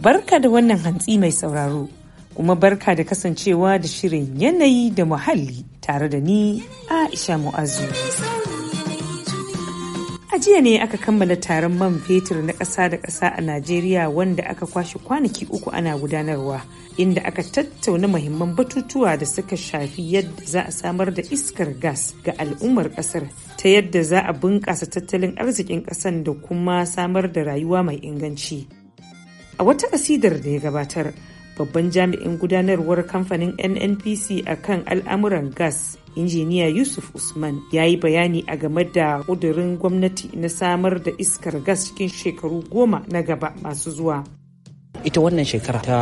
Barka da wannan hantsi mai sauraro, kuma barka da kasancewa da shirin yanayi da muhalli tare da ni Aisha Mu'azu. A jiya ne aka kammala taron man fetur na ƙasa da ƙasa a Najeriya wanda aka kwashe kwanaki uku ana gudanarwa, inda aka tattauna mahimman batutuwa da suka shafi yadda za a samar da iskar gas ga al'ummar ƙasar ta yadda za a bunƙasa tattalin arzikin ƙasan da kuma samar da rayuwa mai inganci. a wata asidar da ya gabatar babban jami'in gudanarwar kamfanin nnpc a kan al'amuran gas injiniya yusuf usman ya yi bayani a game da ƙudurin gwamnati na samar da iskar gas cikin shekaru goma na gaba masu zuwa ita wannan shekara ta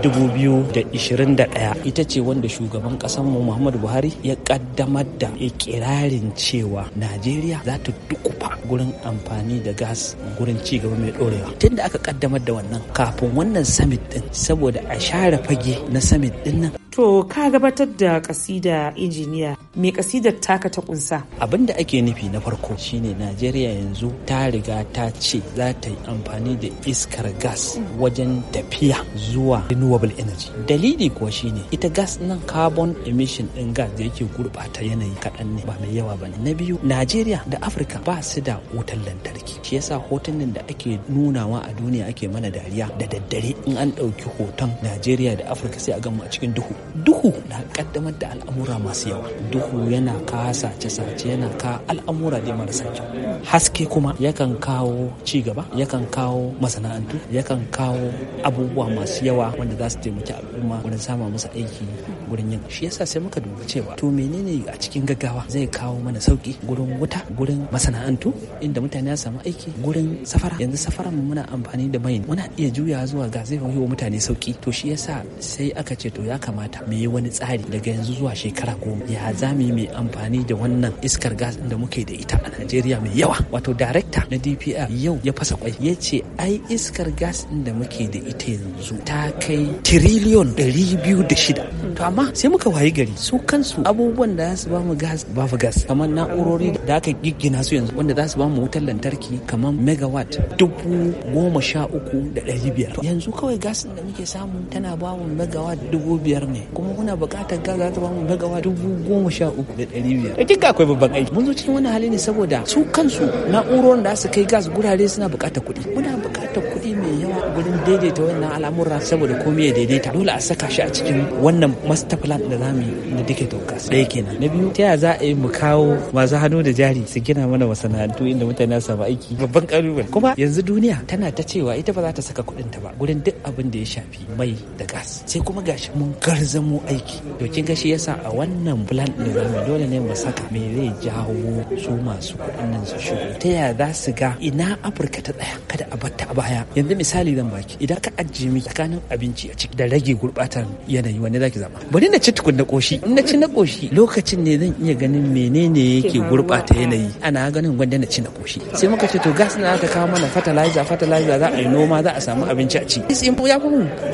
dubu biyu 2021 ita ce wanda shugaban mu muhammadu buhari ya kaddamar da ikirarin cewa najeriya za ta dukufa gurin amfani da gas gurin gaba mai dorewa Tunda aka kaddamar da wannan kafin wannan summit din saboda a share fage na summit din nan To ka gabatar da kasida injiniya me kasidar taka ta kunsa. Abin da ake nufi na farko shine Najeriya yanzu ta riga ta ce za ta yi amfani da iskar gas wajen tafiya zuwa renewable energy. Dalili kuwa shine ita gas nan carbon emission din gas da yake gurbata yanayi kaɗan ne ba mai yawa ne Na biyu Najeriya da Afirka ba su da wutar lantarki. Shi yasa hotunan da ake nunawa a duniya ake mana dariya da daddare in an ɗauki hoton Najeriya da Afirka sai a gama a cikin duhu. duhu na kaddamar da al'amura masu yawa duhu yana ka sace-sace yana ka al'amura da marasa kyau haske kuma yakan kawo ci gaba yakan kawo masana'antu yakan kawo abubuwa masu yawa wanda za su taimaki al'umma wurin sama musu aiki gurin yin shi yasa sai muka dubi cewa to menene a cikin gaggawa zai kawo mana sauki gurin wuta gurin masana'antu inda mutane ya samu aiki gurin safara yanzu safaran mu muna amfani da mai muna iya juya zuwa ga zai wa mutane sauki to shi yasa sai aka ce to ya kamata kamata mu yi wani tsari daga yanzu zuwa shekara goma ya za mu yi mai amfani da wannan iskar gas da muke da ita a Najeriya mai yawa wato director na DPR yau ya fasa kwai ya ce ai iskar gas in da muke da ita yanzu ta kai tiriliyon ɗari biyu da shida to amma sai muka wayi gari su kansu abubuwan da za su bamu gas babu gas kamar na'urori da aka giggina su yanzu wanda za su bamu wutar lantarki kamar megawatt dubu goma sha uku da ɗari biyar yanzu kawai gas din da muke samu tana bamu megawatt dubu biyar ne ne kuma muna buƙatar gas zata ta bamu gagawa dubu goma sha uku da ɗari biyar eh, da kika akwai babban aiki mun zo cikin wani hali ne saboda su kansu na'urorin da su kai gas gurare suna buƙatar kuɗi muna buƙatar kuɗi mai yawa gurin daidaita wannan al'amura saboda komai ya daidaita dole a saka shi a cikin wannan master plan da zamu yi na dake gas ɗaya kenan na biyu ta yaya za a yi mu kawo masu hannu da jari su gina mana masana'antu inda mutane su samu aiki babban ƙalubale kuma yanzu duniya tana ta cewa ita ba za ta saka kuɗinta ba gurin duk abin da ya shafi mai da gas sai kuma gashi mun garza zamo aiki to kin ga shi yasa a wannan plan din zamu dole ne mu saka me zai jawo su masu kuɗin nan su shigo ta yaya za su ga ina afirka ta tsaya kada a batta a baya yanzu misali zan baki idan ka ajiye mi tsakanin abinci a ciki da rage gurbatar yanayi wanne zaki zama bari na ci tukun na koshi in na ci na koshi lokacin ne zan iya ganin menene yake gurbata yanayi ana ganin gwanda na ci na koshi sai muka ce to gas na aka kawo mana fertilizer fertilizer za a yi noma za a samu abinci a ci ya fi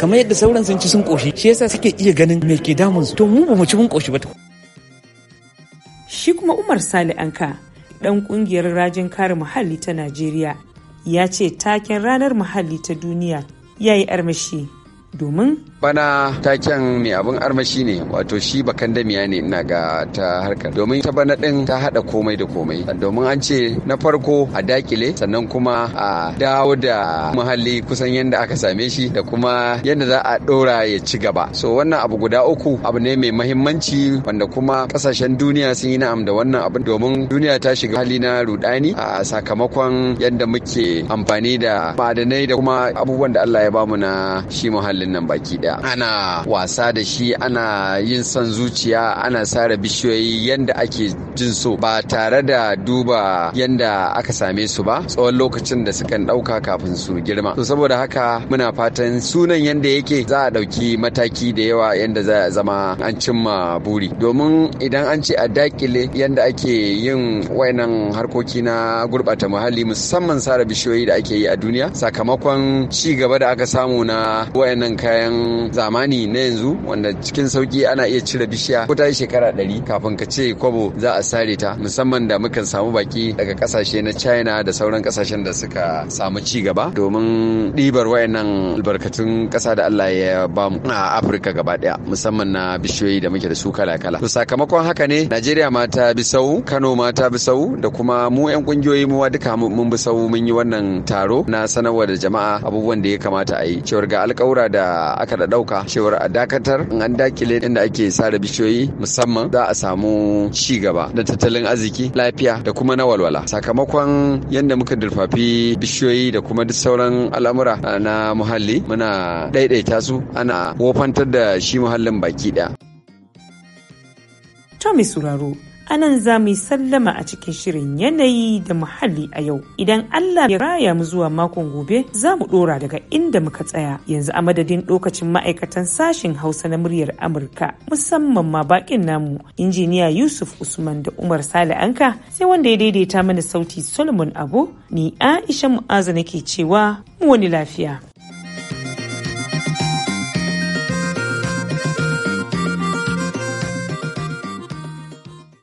kamar yadda sauran sun ci sun koshi shi yasa suke iya ganin me ke damun su to mu ba mu ci mun koshi ba shi kuma Umar Sale Anka ɗan ƙungiyar rajin kare muhalli ta Najeriya ya ce taken ranar muhalli ta duniya ya yi armashi domin bana taken mai abin armashi ne wato shi bakan damiya ne ina ga ta harkar domin ta bana din ta hada komai da komai domin an ce na farko a dakile sannan kuma a dawo da muhalli kusan yadda aka same shi da kuma yadda za a dora ya ci gaba so wannan abu guda uku abu ne mai mahimmanci wanda kuma kasashen duniya sun yi na'am da wannan abin domin duniya ta shiga hali na rudani a sakamakon yadda muke amfani da ma'adanai da kuma abubuwan da Allah ya bamu na shi muhallin nan baki da ana wasa da shi ana yin son zuciya ana sare bishiyoyi yadda ake jin so ba tare da duba yanda aka same su ba tsawon lokacin da sukan ɗauka kafin su girma to saboda haka muna fatan sunan yanda yake za a ɗauki mataki da yawa yanda za a zama an cimma buri domin idan an ce a dakile yanda ake yin wayanan harkoki na gurɓata muhalli musamman sara bishiyoyi da ake yi a duniya sakamakon ci gaba da aka samu na wayannan kayan zamani na yanzu wanda cikin sauki ana iya cire bishiya ko ta yi shekara ɗari kafin ka ce kwabo za a sare ta musamman da mukan samu baki daga kasashe na china da sauran kasashen da suka samu ci gaba domin ɗibar wayannan albarkatun ƙasa da allah ya bamu a afirka gaba daya musamman na bishiyoyi da muke da su kala kala to sakamakon haka ne najeriya ma ta bi sau kano ma ta bi sau da kuma mu yan kungiyoyi mu duka mun bi sau mun yi wannan taro na sanarwa da jama'a abubuwan da ya kamata a yi cewar ga alƙawura da aka da ɗauka cewar a dakatar in an dakile inda ake sare bishiyoyi musamman za a samu ci gaba da tattalin arziki lafiya da kuma na walwala sakamakon yadda muka durfafi bishiyoyi da kuma duk sauran al'amura na muhalli muna daidaita su ana wofantar da shi muhallin baki daya. Tommy Suraro anan za mu yi sallama a cikin shirin yanayi da muhalli a yau idan allah ya raya mu zuwa makon gobe za mu dora daga inda muka tsaya yanzu a madadin lokacin ma'aikatan sashen hausa na muryar amurka musamman ma bakin namu injiniya yusuf usman da umar sale anka sai wanda ya daidaita mana sauti solomon abu ni aisha Mu'aza nake cewa mu wani lafiya